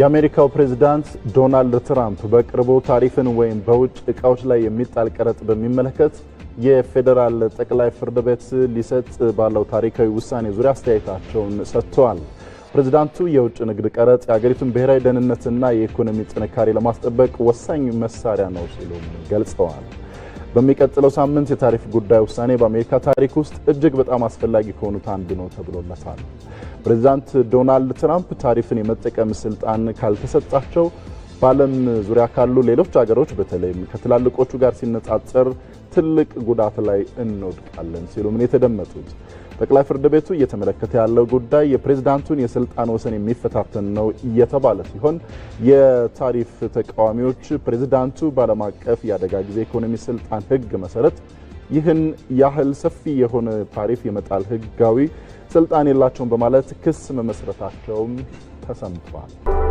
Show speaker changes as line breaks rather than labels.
የአሜሪካው ፕሬዝዳንት ዶናልድ ትራምፕ በቅርቡ ታሪፍን ወይም በውጭ እቃዎች ላይ የሚጣል ቀረጥ በሚመለከት የፌዴራል ጠቅላይ ፍርድ ቤት ሊሰጥ ባለው ታሪካዊ ውሳኔ ዙሪያ አስተያየታቸውን ሰጥተዋል። ፕሬዝዳንቱ የውጭ ንግድ ቀረጥ የአገሪቱን ብሔራዊ ደህንነትና የኢኮኖሚ ጥንካሬ ለማስጠበቅ ወሳኝ መሳሪያ ነው ሲሉም ገልጸዋል። በሚቀጥለው ሳምንት የታሪፍ ጉዳይ ውሳኔ በአሜሪካ ታሪክ ውስጥ እጅግ በጣም አስፈላጊ ከሆኑት አንዱ ነው ተብሎለታል። ፕሬዚዳንት ዶናልድ ትራምፕ ታሪፍን የመጠቀም ስልጣን ካልተሰጣቸው በዓለም ዙሪያ ካሉ ሌሎች ሀገሮች በተለይም ከትላልቆቹ ጋር ሲነጻጸር ትልቅ ጉዳት ላይ እንወድቃለን ሲሉ ምን የተደመጡት ጠቅላይ ፍርድ ቤቱ እየተመለከተ ያለው ጉዳይ የፕሬዝዳንቱን የስልጣን ወሰን የሚፈታተን ነው እየተባለ ሲሆን የታሪፍ ተቃዋሚዎች ፕሬዝዳንቱ በዓለም አቀፍ የአደጋ ጊዜ ኢኮኖሚ ስልጣን ሕግ መሰረት ይህን ያህል ሰፊ የሆነ ታሪፍ የመጣል ሕጋዊ ስልጣን የላቸውም በማለት ክስ መመስረታቸውም ተሰምቷል።